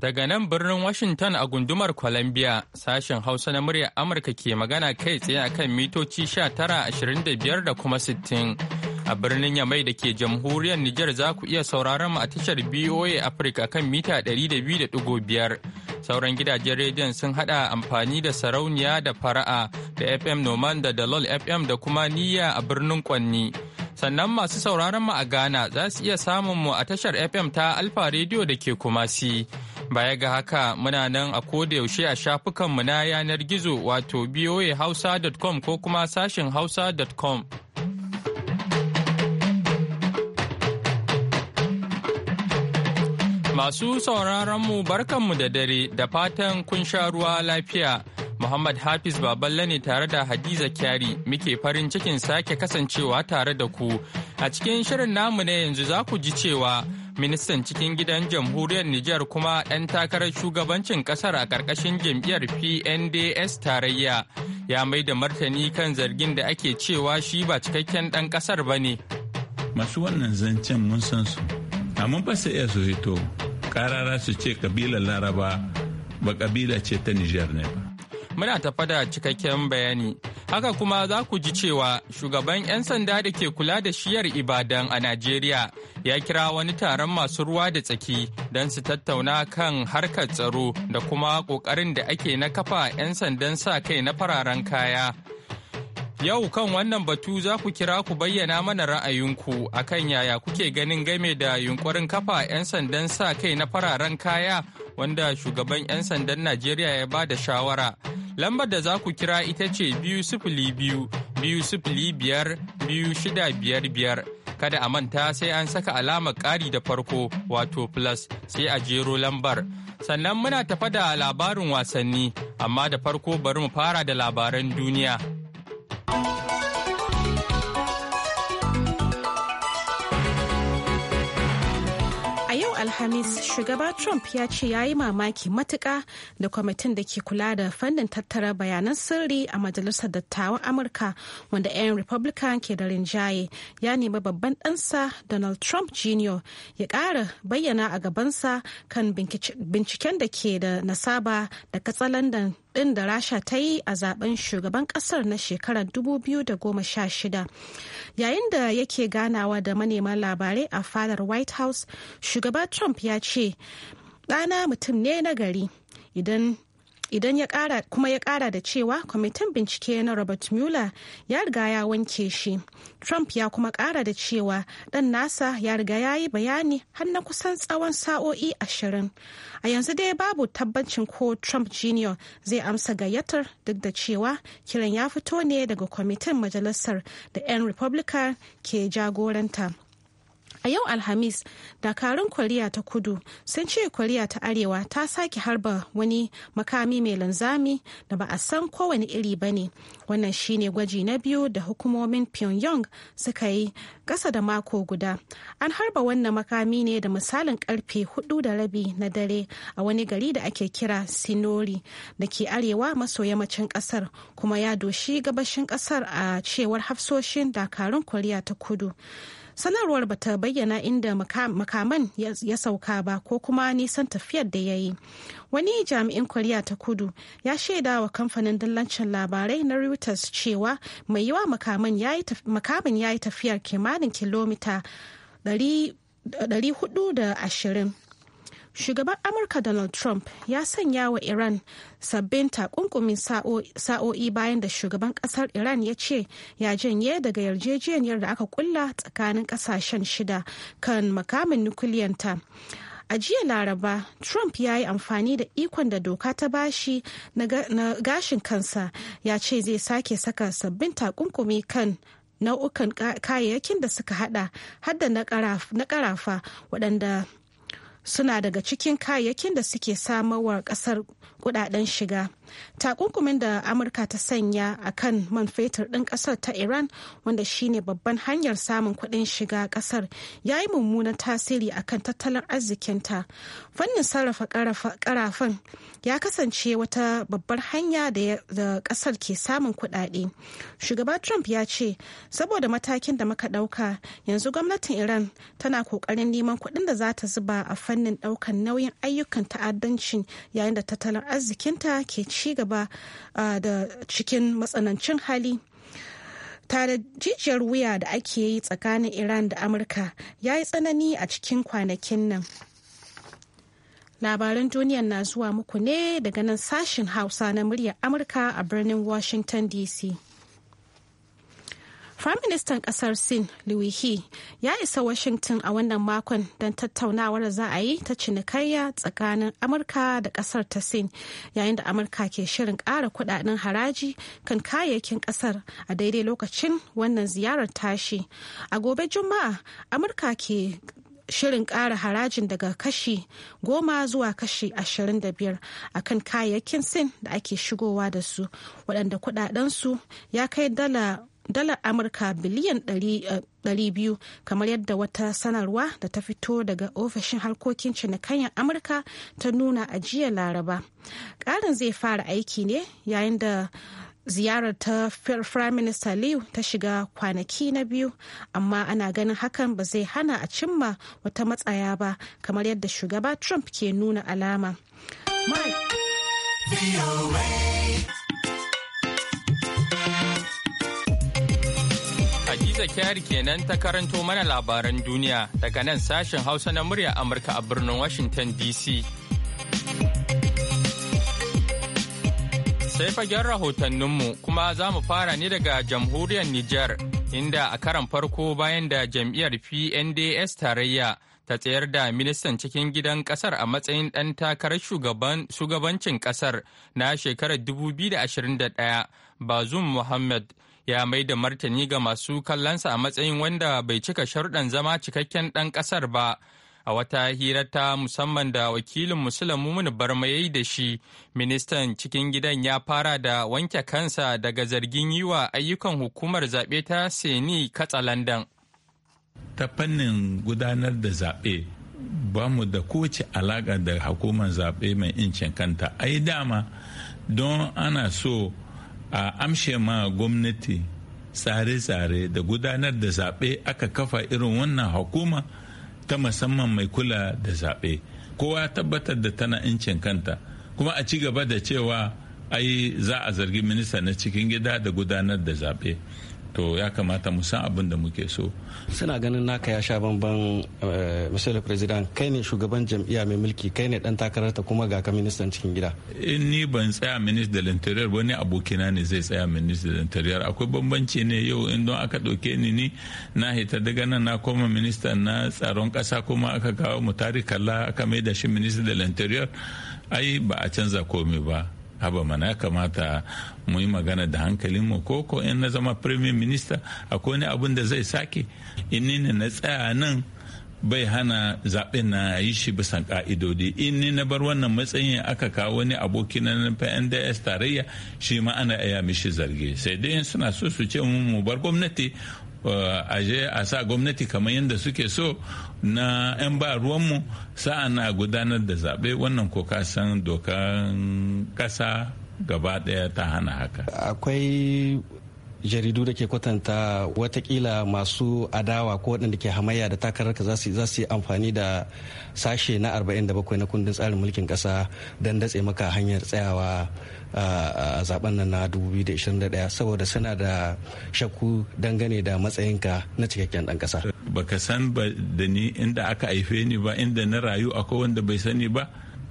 Daga nan birnin Washington a gundumar Columbia, sashen Hausa na muryar Amurka ke magana kai tsaye a kan mitoci 1925 da kuma 60. A birnin Yamai da ke jamhuriyar Nijar za ku iya sauraron mu a tashar BOA Africa kan mita 200.5. Sauran gidajen rediyon sun hada amfani da sarauniya da fara'a da FM Noman da Dalol FM da kuma niyya a birnin Kwanni. sannan masu sauraron mu a Ghana za su iya samun mu a tashar FM ta Alfa Radio da ke Kumasi. Baya ga haka muna nan a yaushe a shafukanmu na yanar gizo wato boahausa.com ko kuma sashen hausa.com. Masu sauraronmu barkanmu da dare da fatan kun sha ruwa lafiya. Muhammad Hafiz Baballe ne tare da Hadiza Kyari muke farin cikin sake kasancewa tare da ku. A cikin shirin namu na yanzu za ku ji cewa ministan cikin gidan jamhuriyar Nijar kuma ɗan takarar shugabancin ƙasar a ƙarƙashin jam'iyyar PNDS tarayya ya mai da martani kan zargin da ake cewa shi ba cikakken ɗan ƙasar ba ne. Masu wannan zancen mun san su, amma ba su iya su hito, karara su ce kabilar Laraba ba kabila ce ta Nijar ne ba. Muna tafa da cikakken bayani. Haka kuma za ku ji cewa shugaban 'yan sanda da ke kula da shiyar Ibadan a Najeriya ya kira wani taron masu ruwa da tsaki don su tattauna kan harkar tsaro da kuma ƙoƙarin da ake na kafa 'yan sandan sa kai na fararen kaya. Yau kan wannan batu za ku kira ku bayyana mana ra'ayinku a kan yaya kuke ganin game da yunkurin kafa 'yan sandan sa kai na fararen kaya wanda shugaban 'yan sandan Najeriya ya ba da shawara. Lambar da za ku kira ita ce biyu sifili biyu biyu sifili biyar biyu shida biyar biyar. Kada a manta sai an saka alamar ƙari da farko wato plus sai a jero lambar. Sannan muna tafa da labarin wasanni, amma da farko bari mu fara da labaran duniya. Alhamis, shugaba Trump ya ce ya yi mamaki matuka da kwamitin da ke kula da fannin tattara bayanan sirri a Majalisar Dattawan Amurka wanda 'yan Republican ke da rinjaye ya nemi babban ɗansa Donald Trump Jr. ya ƙara bayyana a gabansa kan binciken da ke da nasaba da katsalandan din da rasha ta yi a zaben shugaban ƙasar na shekarar 2016 yayin da yake ganawa da manema labarai a fadar white house shugaba trump ya ce ɗana mutum ne na gari idan idan ya kara kuma ya kara da cewa kwamitin bincike na robert mueller ya riga ya wanke shi trump ya kuma kara da cewa dan nasa ya riga ya yi bayani har na kusan tsawon sa'o'i ashirin a yanzu dai babu tabbacin ko trump jr zai amsa gayyatar duk da cewa kiran ya fito ne daga kwamitin majalisar da 'yan republican ke jagoranta a yau alhamis dakarun koriya ta kudu sun ce koriya ta arewa ta sake harba wani makami mai linzami da ba a san kowane iri ba ne wannan shine gwaji na biyu da hukumomin pyongyang suka yi kasa da mako guda an harba wannan makami ne da misalin karfe hudu da rabi na dare a wani gari da ake kira sinori da ke arewa maso yammacin kasar kuma ya doshi gabashin kasar a cewar hafsoshin dakarun koriya ta kudu sanarwar ba ta bayyana inda makaman ya sauka ba ko kuma nisan tafiyar da ya yi wani jami'in koriya ta kudu ya shaida wa kamfanin dillancin labarai na reuters cewa mai yiwa makamin ya yi tafiyar kimanin kilomita 420 shugaban amurka donald trump ya sanya wa iran sabbin takunkumin sa'o'i bayan da shugaban kasar iran ya ce ya janye daga yarjejeniyar da aka kulla tsakanin kasashen shida kan makamin nukiliyanta a jiya laraba trump ya yi amfani da ikon da doka ta bashi na gashin kansa ya ce zai sake saka sabbin takunkumi kan nau'ukan kayayyakin da suka hada hada na karafa waɗanda suna daga cikin kayayyakin da suke samarwa kasar kudaden shiga takunkumin da amurka ta sanya a kan man fetur ɗin ƙasar ta iran wanda shine babban hanyar samun kuɗin shiga ƙasar ya yi mummunan tasiri a kan tattalin arzikinta fannin sarrafa ƙarafan ya kasance wata babbar hanya da ƙasar ke samun kuɗaɗe shugaba trump ya ce saboda matakin da muka ɗauka yanzu gwamnatin iran tana ƙoƙarin neman kuɗin da za ta zuba a fannin ɗaukar nauyin ayyukan ta'addanci yayin da tattalin arzikinta ke ci gaba da cikin matsanancin hali tare jijiyar wuya da ake yi tsakanin iran da amurka ya yi tsanani a cikin kwanakin nan labaran duniya na zuwa muku ne daga nan sashen hausa na muryar amurka a birnin washington dc Firaministan ƙasar Sin, Liu He, ya isa Washington a wannan makon don tattaunawar za a yi ta cinikayya tsakanin Amurka da ƙasar ta Sin, yayin da Amurka ke shirin ƙara kuɗaɗen haraji kan kayayyakin ƙasar a daidai lokacin wannan ziyarar tashi. A gobe Juma'a, Amurka ke shirin ƙara harajin daga kashi goma zuwa kashi ashirin da biyar a kan kayayyakin sin da ake shigowa da su waɗanda kuɗaɗensu ya kai dala dalar amurka biliyan 200 eh, kamar yadda wata sanarwa da ta fito daga ofishin harkokin cinikayyar amurka ta nuna a jiya laraba ƙarin zai fara aiki ne yayin da ziyarar ta Prime Minister Liu ta shiga kwanaki na biyu, amma ana ganin hakan ba zai hana a cimma wata matsaya ba kamar yadda shugaba Trump ke nuna alama. Hadiza Kyari kenan ta karanto mana labaran duniya daga nan sashen Hausa na murya Amurka a birnin Washington DC. Sai fagen rahotanninmu kuma za mu fara ne daga jamhuriyar Nijar inda a karan farko bayan da jam'iyyar PNDS tarayya ta tsayar da ministan cikin gidan kasar a matsayin ɗan takarar shugabancin kasar na shekarar 2021 Bazum Muhammad. ya mai da martani ga masu kallonsa a matsayin wanda bai cika sharuɗan zama cikakken ɗan ƙasar ba a wata hira ta musamman da wakilin musulun barma ya yi da shi ministan cikin gidan ya fara da wanke kansa daga zargin yi wa ayyukan hukumar zaɓe ta seni katsalandan ta fannin gudanar da zaɓe ba mu da kowace alaƙa da hukumar zaɓe mai incin kanta ai dama don ana so a amshe ma gwamnati tsare-tsare da gudanar da zaɓe aka kafa irin wannan hukuma ta musamman mai kula da zaɓe kowa tabbatar da tana incin kanta kuma a ci gaba da cewa ai za a zargi minista na cikin gida da gudanar da zaɓe to ya kamata mu san abin da muke so suna ganin naka ya sha bamban eh, mr president kai ne shugaban jam'iyya mai mulki kai ne dan takarar ta kuma ga ka ministan cikin gida in eh, ni ban tsaya minister da interior wani abokina ne zai tsaya minister da interior akwai bambanci ne yau in don aka dauke ni ni na hita daga nan na koma minista na tsaron kasa kuma aka kawo mu tarikalla aka mai da shi minister da interior ai ba a canza komai ba haba mana kamata mu yi magana da hankalin ko ko in na zama premier minister akwai wani abun da zai sake in ni na tsaya nan bai hana zaɓen na yi shi bisan ka'idodi in ni na bar wannan matsayin aka kawo wani aboki na nds tarayya shi ma ana iya mishi zarge sai dai suna so su ce mu bar gwamnati Eh, a je a sa gwamnati kamar yadda suke so na 'yan ba ruwanmu sa'an na gudanar da zaɓe wannan ko san dokan ƙasa gaba ɗaya ta hana haka akwai jaridu da ke kwatanta watakila masu adawa ko waɗanda ke hamayya da takararka za su yi amfani da sashe na 47 na kundin tsarin mulkin ƙasa don datse maka hanyar tsayawa a zaben nan na 2021 saboda suna da shakku dangane da matsayinka na cikakken ɗan ƙasa. baka san ba da ni inda aka haife ni ba inda na rayu akwai wanda bai sani ba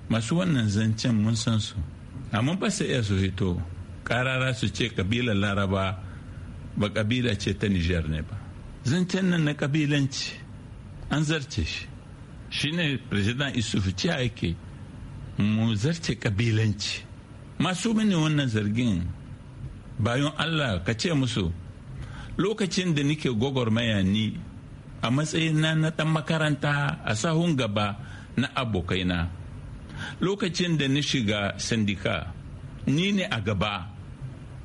masu wannan zancen mun san su amma ba su iya su fito karara su ce kabilar laraba ba kabila ce ta Nijar ne ba. Zancen nan na kabilanci an zarce shi. Shi ne President Isufu ce ake mu zarce kabilanci. Masu mini wannan zargin bayan Allah ka ce musu lokacin da nike gwagwarmaya ni a matsayin na ɗan makaranta a sahun gaba na abokaina. Lokacin da ni shiga sandika ni ne a gaba.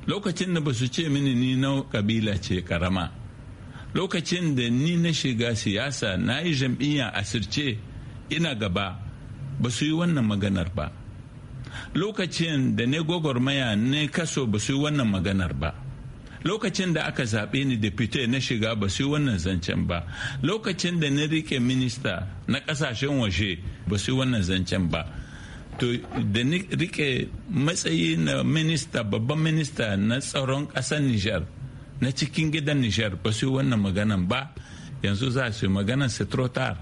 lokacin da ba su ce mini ni na kabila ce karama lokacin da ni na shiga siyasa na yi jam'iyya a sirce ina gaba ba su yi wannan maganar ba lokacin da ne gwagwarmaya ne kaso ba su yi wannan maganar ba lokacin da aka zaɓe ni depute na shiga ba su yi wannan zancen ba lokacin da na rike minista na ƙasashen waje ba su yi wannan zancen ba to da rike matsayi na minista babban minista na tsaron ƙasar nijar na cikin gidan nijar ba su wannan maganan ba yanzu za su yi maganan setrotar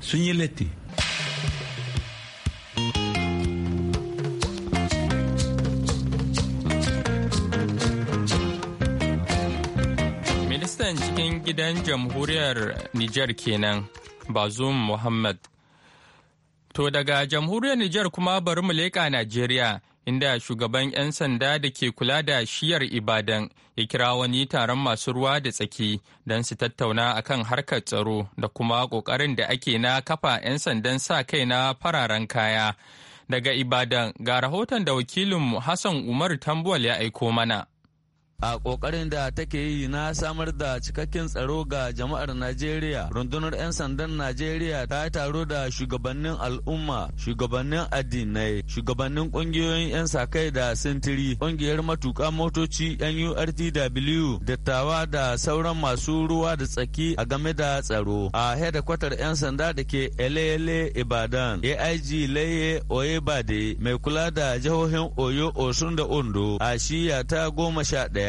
sun yi latti ministan cikin gidan jamhuriyar nijar kenan bazum muhammad To daga jamhuriyar Nijar kuma bari mu leƙa Najeriya inda shugaban 'yan sanda da ke kula da shiyar Ibadan ya kira wani taron masu ruwa da tsaki don su tattauna akan harkar tsaro da kuma ƙoƙarin da ake na kafa 'yan sandan sa kai na fararen kaya. Daga Ibadan ga rahoton da wakilin Hassan Umar Tambuwal ya aiko mana. a kokarin da take yi na samar da cikakken tsaro ga jama'ar najeriya rundunar 'yan sandan najeriya ta taro da shugabannin al'umma shugabannin addinai shugabannin kungiyoyin 'yan sakai da sintiri kungiyar matuka motoci nurtw dattawa da sauran masu ruwa da tsaki a game da tsaro a hedakwatar 'yan sanda da ke elele ibadan aig laye oyebade mai kula da jihohin oyo osun da ondo a shiya ta goma sha ɗaya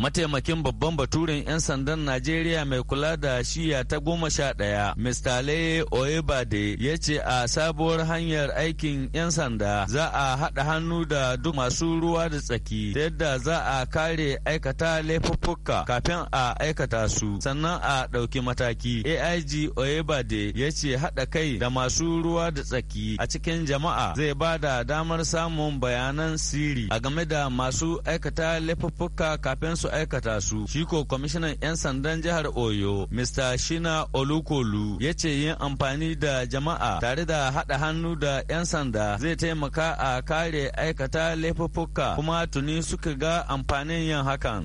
Mataimakin babban baturin 'yan sandan Najeriya mai kula da shiya ta goma sha ɗaya, Mr. Leye Oyebade ya ce a sabuwar hanyar aikin 'yan sanda za a haɗa hannu da duk masu ruwa da tsaki ta yadda za a kare aikata laifuffuka kafin a aikata su sannan a ɗauki mataki. AIG Oyebade ya ce haɗa kai da masu ruwa da tsaki a cikin jama'a zai ba da damar samun bayanan sirri a game da masu aikata laifuffuka kafin su aikata su shi ko kwamishinan 'yan sandan jihar oyo mr shina olukolu ya ce yin amfani da jama'a tare da haɗa hannu da 'yan sanda zai taimaka a kare aikata laifuffuka kuma tuni suka ga amfanin yin hakan.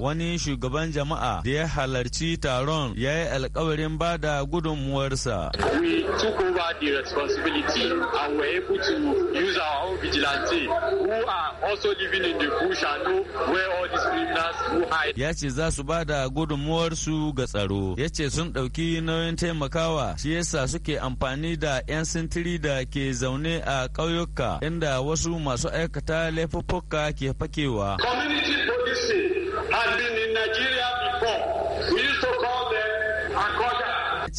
wani shugaban jama'a da ya halarci taron ya yi alkawarin ba da gudunmuwarsa. We took over the responsibility and were able to use our own vigilante who are also living in the bush and know where all these criminals who hide. Ya ce za su ba da gudunmuwarsu ga tsaro. Ya ce sun ɗauki nauyin taimakawa shi yasa suke amfani da 'yan sintiri da ke zaune a ƙauyuka inda wasu masu aikata laifuffuka ke fakewa. Community policing had been in Nigeria before.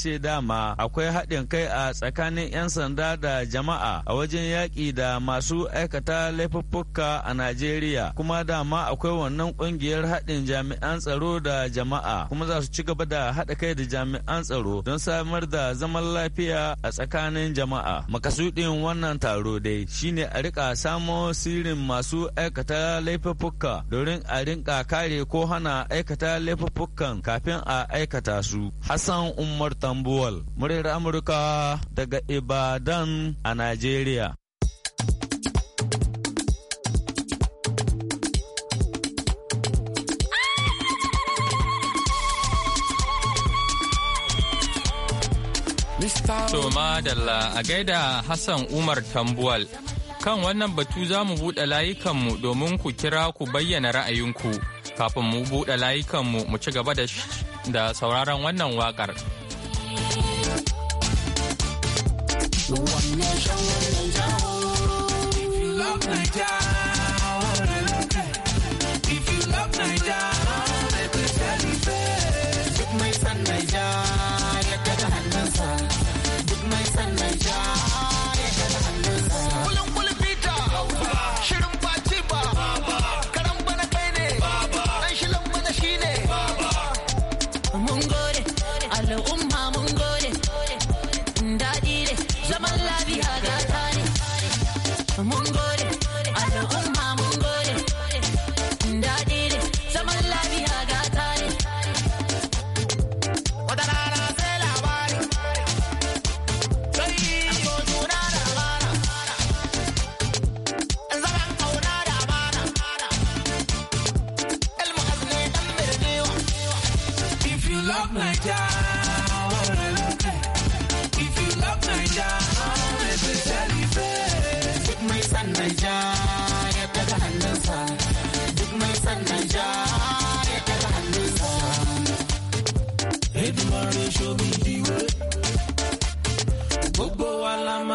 ce dama akwai haɗin kai a tsakanin 'yan sanda da jama'a a wajen yaƙi da masu aikata laifuffuka a Najeriya kuma dama akwai wannan ƙungiyar haɗin jami'an tsaro da jama'a kuma za su ci gaba da haɗa kai da jami'an tsaro don samar da zaman lafiya a tsakanin jama'a. Makasudin wannan taro dai shine a rika samo sirrin masu aikata laifuffuka domin a rinka kare ko hana aikata laifuffukan kafin a aikata su. Hassan Umar istanbul muryar Amurka daga Ibadan a Najeriya. To madalla a gaida Hassan Umar Tambuwal. Kan wannan batu za mu buɗe layukanmu domin ku kira ku bayyana ra'ayinku. Kafin mu buɗe layukanmu mu ci gaba da sauraron wannan waƙar. No one nation If you love Nigeria, if you love Nigeria.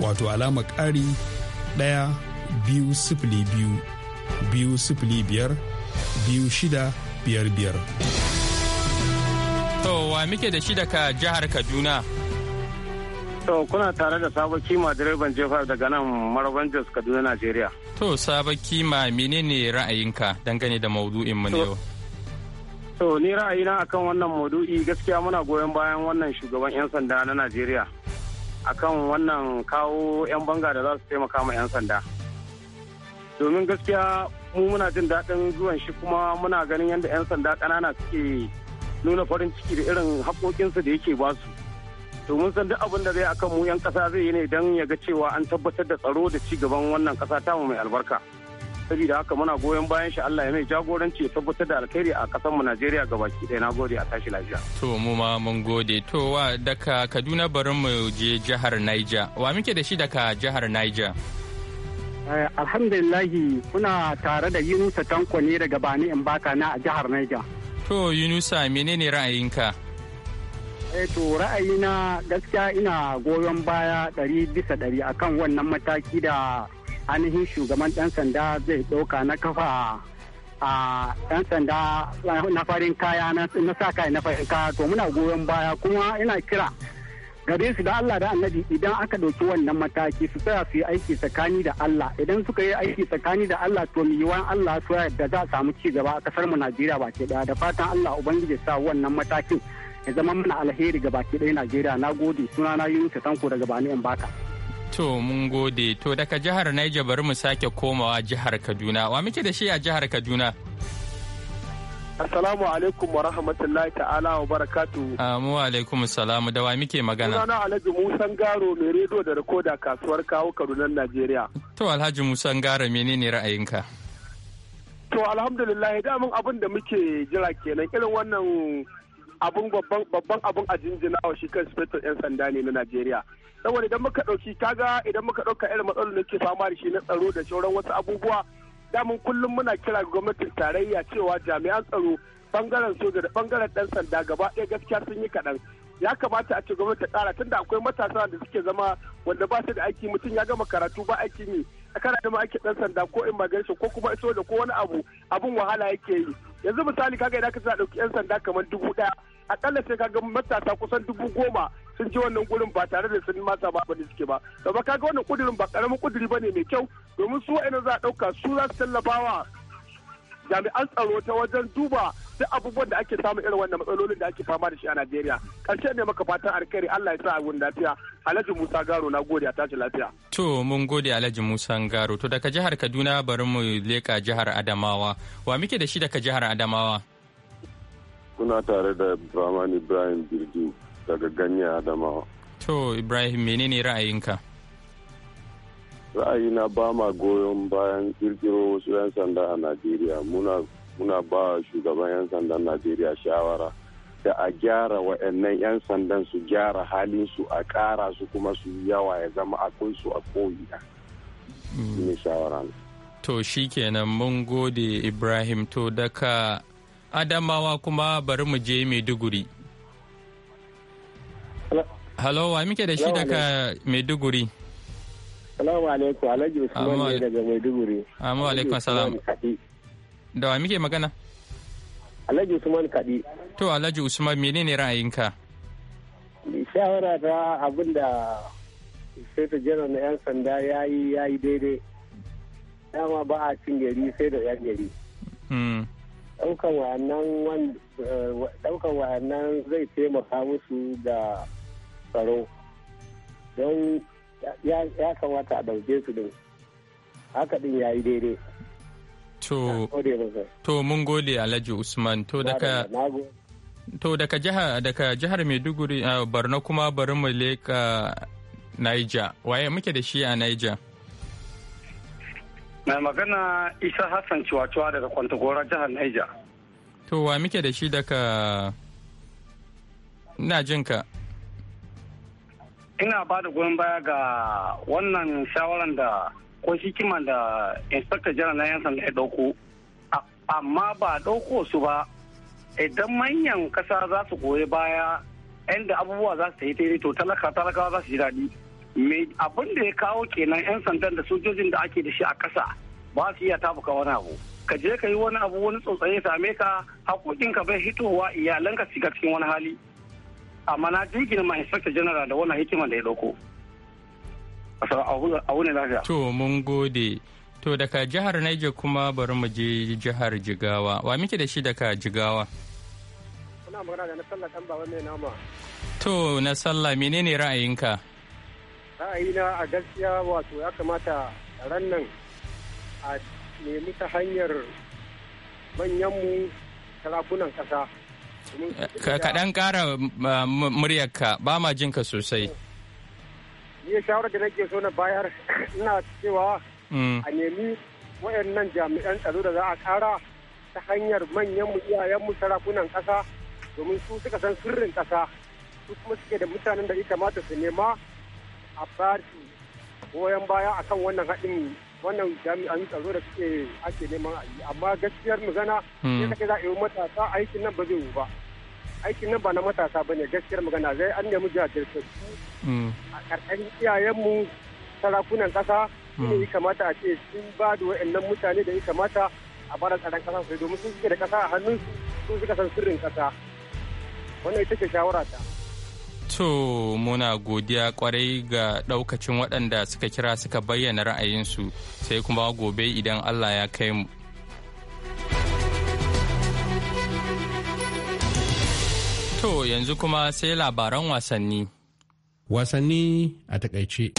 wato alama ƙari ɗaya biyu sifili biyu biyu sifili biyar biyu shida biyar biyar. To wa muke da shi daga jihar Kaduna? To kuna tare da sabon kima direban jefa daga nan maraban Jos Kaduna Najeriya. To sabon kima menene ra'ayinka dangane da maudu'in mu yau? To ni ra'ayina akan wannan maudu'i gaskiya muna goyon bayan wannan shugaban 'yan sanda na Najeriya. akan wannan kawo 'yan banga da za su taimaka ma 'yan sanda domin gaskiya mu muna jin daɗin zuwan shi kuma muna ganin yadda 'yan sanda ƙanana suke nuna farin ciki da irin haƙoƙinsu da yake ba su domin san duk abin da zai akan mu 'yan ƙasa zai yi ne don ya ga cewa an tabbatar da tsaro da ci gaban wannan ƙasa tamu mai albarka. saboda haka muna goyon bayan shi Allah ya mai jagoranci ya tabbatar da alkhairi a kasar mu Najeriya gabaki ɗaya na gode a tashi lafiya to mu ma mun gode to wa daga Kaduna bari mu je jihar Niger wa muke da shi daga jihar Niger eh, alhamdulillahi kuna tare da Yunusa Tanko ne daga Bani in na a jihar Niger to Yunusa menene ra'ayinka eh to ra'ayina gaskiya ina goyon baya ɗari bisa ɗari akan wannan mataki da ainihin shugaban ɗan sanda zai ɗauka na kafa a ɗan sanda na farin kaya na sa kai na farin kaya to muna goyon baya kuma ina kira gare su da Allah da annabi idan aka ɗauki wannan mataki su tsaya su yi aiki tsakani da Allah idan suka yi aiki tsakani da Allah to mu yiwuwan Allah su yadda za a samu ci gaba a kasar mu Najeriya ba ke da fatan Allah ubangiji sa wannan matakin ya zama mana alheri ga baki ɗaya Najeriya na gode sunana Yunus Tanko daga Bani Mbaka. baka. To mun gode to daga jihar Niger bari mu sake komawa jihar Kaduna wa muke da shi a jihar Kaduna. Assalamu alaikum wa rahmatullahi ta'ala wa barakatu. Amu ah, alaikum salamu da wa muke magana. Sunana Alhaji Musan Garo mai rediyo da rikoda kasuwar kawo Kaduna Najeriya. To Alhaji Musan Garo menene ra'ayinka? To alhamdulillah damun abin da muke jira kenan irin wannan abun babban abun a jinjina wa shi kan inspector yan sanda ne na Najeriya saboda idan muka dauki kaga idan muka ɗauka irin matsalolin da ke fama da shi na tsaro da sauran wasu abubuwa damun kullum muna kira gwamnatin tarayya cewa jami'an tsaro bangaren soja da bangaren ɗan sanda gaba ɗaya gaskiya sun yi kaɗan ya kamata a ce gwamnati ta ƙara tunda akwai matasa da suke zama wanda ba su da aiki mutum ya gama karatu ba aikin yi kana da ake dan sanda ko in magan shi ko kuma da ko wani abu abun wahala yake yi yanzu misali kaga idan ka sa dauki yan sanda kamar dubu daya akalla sai kaga matasa kusan dubu goma sun je wannan gurin ba tare da sun masa ba bane suke ba gaba kaga wannan kudirin ba karamin kudiri bane mai kyau domin su wa'annan za a dauka su za su tallafawa jami'an tsaro ta wajen duba duk abubuwan da ake samun irin wannan matsalolin da ake fama da shi a Najeriya. Karshe ne maka fatan alkhairi Allah ya sa a lafiya. Alhaji Musa Garo na gode a tashi lafiya. To mun gode Alhaji Musa Garo. To daga jihar Kaduna bari mu leka jihar Adamawa. Wa muke da shi daga jihar Adamawa? Kuna tare da Ibrahim Ibrahim Birju daga ganye Adamawa. To Ibrahim menene ra'ayinka? Ra'ayina ba ma goyon bayan kirkiro wasu 'yan sanda a Najeriya. Muna muna ba shugaban 'yan sandan Najeriya shawara. da a gyara waɗannan 'yan sandan su gyara halin su a ƙara su kuma su yawa ya zama akwai su a ko'ina. Mm. ne shawara to shi kenan mun gode ibrahim to daga adamawa kuma bari mu je maiduguri halo wa muke da shi daga maiduguri salamu alaikum alhaji usman ne daga maiduguri amma alaikum salam da wa muke magana Alhaji Usman Kaɗi. To Alhaji Usman menene ra'ayinka? Shawara ta abin da Seta Janar na 'yan sanda ya yi ya yi daidai. Dama ba a cin gari sai da 'yan gari. Hmm. Eh, ɗaukan wayannan zai taimaka musu da tsaro. Don ya kamata a dauke su din. Haka din ya yi daidai. To, to mun gode Alhaji Usman. To daga To daga jihar daga jihar Maiduguri a Borno kuma bari mu leka Niger. Waye muke da shi a Niger? Mai magana Isa Hassan Ciwaciwa daga Kwantagora jihar Niger. To wa muke da shi daga ina jinka. Ina ba da goyon baya ga wannan shawaran da ko hikima da inspector janar na yan sanda ya dauko amma ba dauko su ba idan manyan kasa za su goyi baya inda abubuwa za su yi to talaka talaka za su ji daɗi abin da ya kawo kenan yan sandan da sojojin da ake da shi a kasa ba su iya tabuka wani abu ka je ka yi wani abu wani tsotsaye same ka haƙoƙinka bai hitowa iyalanka shiga cikin wani hali amma na jirgin ma inspector general da wannan hikiman da ya dauko a wani lafiya. To mun gode. To daga jihar Niger kuma bari mu je jihar Jigawa. Wa muke da shi daga Jigawa? Muna magana da Nasalla dan baba mai nama. To Nasalla menene ra'ayinka? Ra'ayina a gaskiya wato ya kamata ran nan a nemi ta hanyar manyanmu sarakunan ƙasa. Kaɗan ƙara muryarka ba ma jinka sosai. ya shawarar da nake so na bayar ina cewa mm. a nemi wayannan jami'an tsaro da za a kara ta hanyar manyan mu iyayen mu sarakunan kasa domin su suka san sirrin kasa su kuma suke da mutanen da ya kamata su nema a basu goyon baya akan wannan haɗin wannan jami'an tsaro da suke ake neman a amma gaskiyar magana ne mm. kake za a yi matasa aikin nan ba zai yiwu ba aikin nan ba na matasa ne gaskiyar magana zai an nemi jajirce mm. a karkashin iyayenmu sarakunan kasa ne mm. ya kamata a ce sun ba da wa'annan mutane da ya kamata a bara tsaron kasa sai domin sun suke da kasa a hannun sun suka san sirrin kasa wannan ita ce shawara ta To muna godiya kwarai ga daukacin waɗanda suka kira suka bayyana ra'ayinsu sai kuma gobe idan Allah ya kai mu To yanzu kuma sai labaran wasanni. Wasanni a takaice.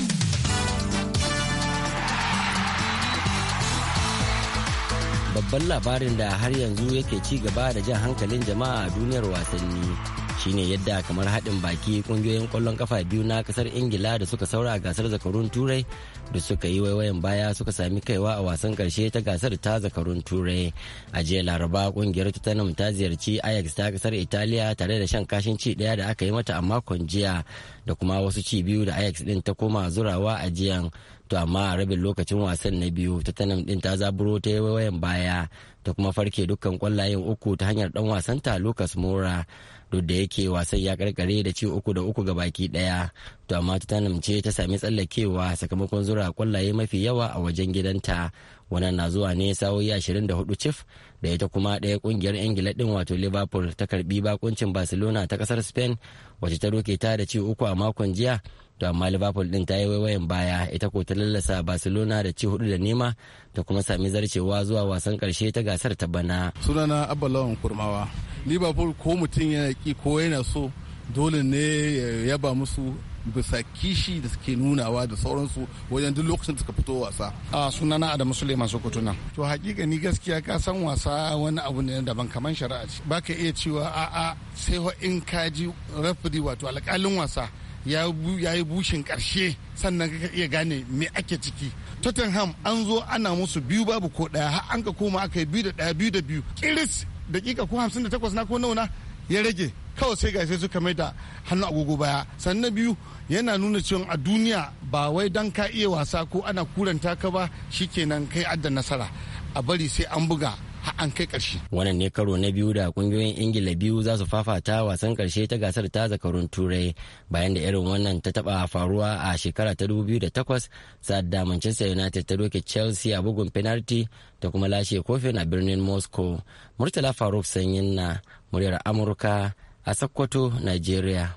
Babban labarin da har yanzu yake ci gaba da jan hankalin jama'a a duniyar wasanni. shine yadda kamar haɗin baki ƙungiyoyin ƙwallon kafa biyu na ƙasar ingila da suka saura gasar zakarun turai da suka yi waiwayan baya suka sami kaiwa a wasan ƙarshe ta gasar ta zakarun turai a jiya laraba ƙungiyar tottenham ta ziyarci ajax ta ƙasar italiya tare da shan kashin ci ɗaya da aka yi mata a makon jiya da kuma wasu ci biyu da ajax ɗin ta koma zurawa a jiyan to amma a rabin lokacin wasan na biyu tottenham ɗin ta zaburo ta yi waiwayan baya ta kuma farke dukkan kwallayen uku ta hanyar dan wasanta lucas mora duk da yake wasan ya karkare da ci uku da uku ga baki daya to amma ta tanamce ta sami tsallakewa sakamakon zura kwallaye mafi yawa a wajen gidanta wannan na zuwa ne sa'o'i 24 cif da ita kuma ɗaya kungiyar ingila din wato liverpool ta karbi bakuncin barcelona ta kasar spain wacce ta roke ta da ci uku a makon jiya to amma liverpool din ta yi waiwayen baya ita ko ta lallasa barcelona da ci hudu da nema ta kuma sami zarcewa zuwa wasan karshe ta gasar ta bana sunana abalawan kurmawa liverpool ko mutum yana ki ko yana so dole ne ya yaba musu bisa kishi da suke nunawa da sauransu wajen duk lokacin da suka fito wasa. A sunana Adamu Suleiman Sokoto nan. To hakika ni gaskiya ka san wasa wani abu ne daban kamar shari'a ce. baka ka iya cewa a'a sai in ka ji referee wato alƙalin wasa ya yi bushin ƙarshe sannan ka iya gane me ake ciki tottenham an zo ana musu biyu babu ko ɗaya har an ka koma aka yi biyu da ɗaya biyu da biyu kiris dakika ko hamsin da takwas na ko nauna ya rage kawai sai ga sai suka mai da hannu agogo baya sannan biyu yana nuna cewa a duniya ba wai dan ka iya wasa ko ana kuranta ka ba shikenan kai adda nasara a bari sai an buga har an kai ƙarshe. Wannan ne karo na biyu da kungiyoyin Ingila biyu za su fafata wasan karshe ta gasar ta zakarun Turai bayan da irin wannan ta taɓa faruwa a shekara ta 2008 sa da Manchester United ta doke Chelsea a bugun penalty ta kuma lashe kofin a birnin Moscow. Murtala Faruk Sanyin na muryar Amurka a Sokoto, Nigeria.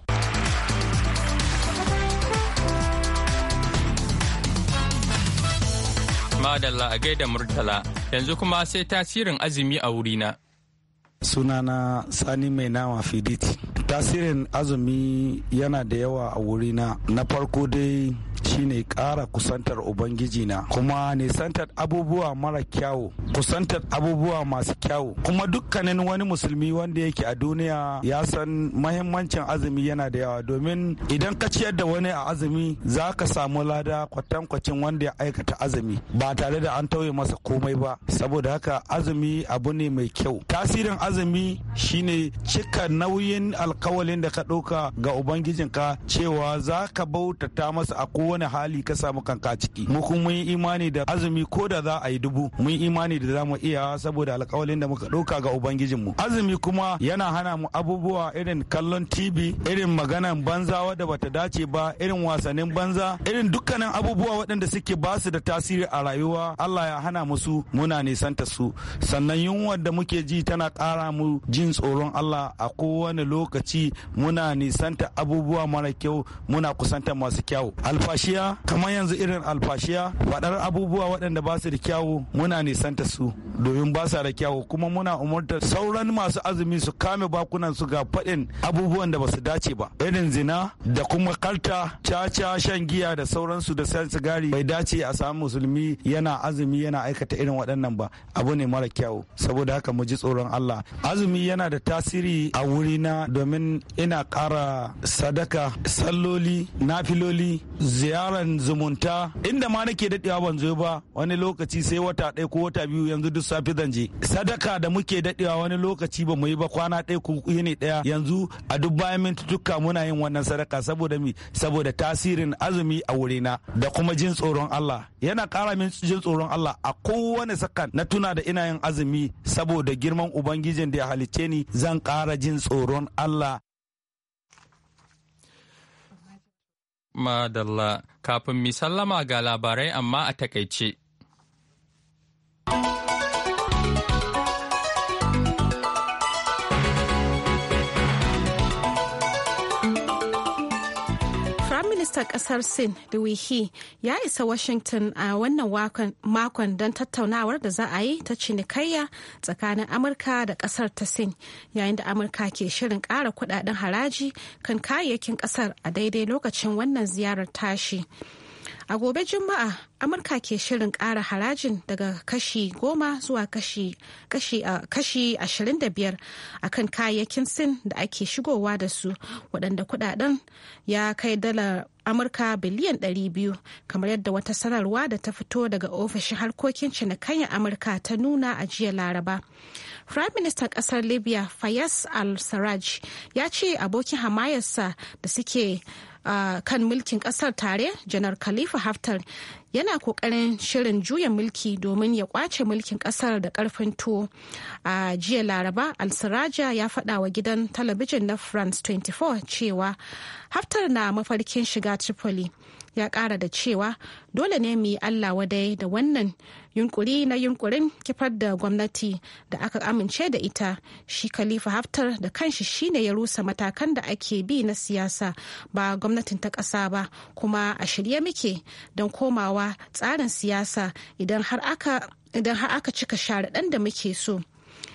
Madalla a gaida Murtala, yanzu kuma sai tasirin azumi a wurina. sunana sani mai nama fiditi tasirin azumi yana da yawa a wurina na farko dai shine kara kusantar ubangiji na kuma nisantar abubuwa mara kyawu kusantar abubuwa masu kyawu kuma dukkanin wani musulmi wanda yake a duniya ya san mahimmancin azumi yana da yawa domin idan ka ciyar da wani a azumi za ka samu lada kwatankwacin wanda ya aikata azumi ba tare da an tauye masa komai ba saboda haka azumi abu ne mai kyau tasirin azumi shine cika nauyin alkawalin da ka ɗauka ga ubangijinka cewa za ka bautata masa a kowa wani hali ka samu kanka ciki mu kuma mun yi imani da azumi ko da za a yi dubu mun imani da za mu iya saboda alƙawalin da muka ɗauka ga ubangijin mu azumi kuma yana hana mu abubuwa irin kallon tv irin maganan banza wadda bata dace ba irin wasannin banza irin dukkanin abubuwa waɗanda suke ba su da tasiri a rayuwa Allah ya hana musu muna nisanta su sannan yunwar da muke ji tana ƙara mu jin tsoron Allah a kowane lokaci muna nisanta abubuwa mara kyau muna kusanta masu kyau alfashi alfashiya kamar yanzu irin alfashiya faɗar abubuwa waɗanda ba su da kyawu muna nisanta su domin ba sa da kyawu kuma muna umartar sauran masu azumi su kame bakunan su ga faɗin abubuwan da ba su dace ba irin zina da kuma karta caca shan giya da sauransu da sayan sigari bai dace a samu musulmi yana azumi yana aikata irin waɗannan ba abu ne mara kyawu saboda haka mu ji tsoron Allah azumi yana da tasiri a wuri na domin ina kara sadaka salloli nafiloli ziyara Yaron zumunta inda ma nake dadewa ban zo ba wani lokaci sai wata ɗaya ko wata biyu yanzu duk safi zan je sadaka da muke dadewa wani lokaci ba mu yi ba kwana ɗaya ko yini ɗaya yanzu a duk bayan mintutuka muna yin wannan sadaka saboda mi saboda tasirin azumi a wurina da kuma jin tsoron Allah yana ƙara min jin tsoron Allah a kowane sakan na tuna da ina yin azumi saboda girman ubangijin da ya halicce ni zan ƙara jin tsoron Allah Madalla, kafin mi sallama ga labarai amma a takaice. ministan kasar Sin da Wihi ya isa Washington a wannan makon don tattaunawar da za a yi ta cinikayya tsakanin Amurka da kasar ta Sin yayin da Amurka ke shirin kara kudaden haraji kan kayayyakin kasar a daidai lokacin wannan ziyarar tashi. A gobe Juma'a, Amurka ke shirin ƙara harajin daga kashi goma zuwa uh, kashi, ashirin da biyar a kan kayayyakin sin da ake shigowa da su waɗanda kudaden ya kai dalar Amurka biliyan 200 kamar yadda wata sanarwa da ta fito daga ofishin harkokin cinikayyar Amurka ta nuna a jiya Laraba. Prime Minister ƙasar Libya Fayez al-Sarraj ya ce abokin hamayarsa da suke a kan mulkin kasar tare janar khalifa haftar yana kokarin shirin juya mulki domin ya kwace mulkin kasar da karfin tuwo a jiya laraba alsiraja ya fada wa gidan talabijin na france 24 cewa haftar na mafarkin shiga tripoli ya kara da cewa dole ne mu yi allah wadai da wannan yunkuri na yunkurin kifar da gwamnati da aka amince da ita shi khalifa haftar da kanshi shine ya rusa matakan da ake bi na siyasa ba gwamnatin ta ƙasa ba kuma a shirye muke don komawa tsarin siyasa idan har aka cika sharaɗan da muke so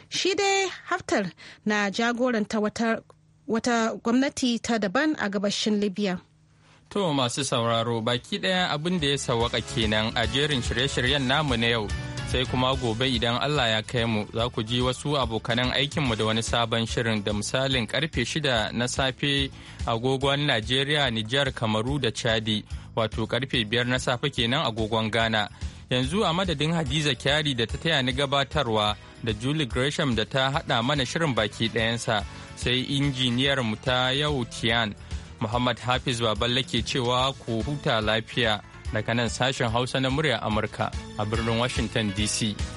shi dai haftar na jagoranta wata gwamnati ta daban a gabashin libya To masu sauraro baki ɗaya abin da ya sawaka kenan a jerin shirye-shiryen namu na yau sai kuma gobe idan Allah ya kai mu za ku ji wasu abokanan aikinmu da wani sabon shirin da misalin karfe shida na safe agogon Najeriya, Nijar, Kamaru da Chadi wato karfe biyar na safe kenan agogon Ghana. Yanzu a madadin Hadiza Kyari da ta taya ni gabatarwa da Julie Gresham da ta haɗa mana shirin baki ɗayansa sai injiniyar mu ta yau Tian. Muhammad Hafiz Baballe ke cewa ku huta lafiya daga nan sashen Hausa na murya Amurka a birnin Washington DC.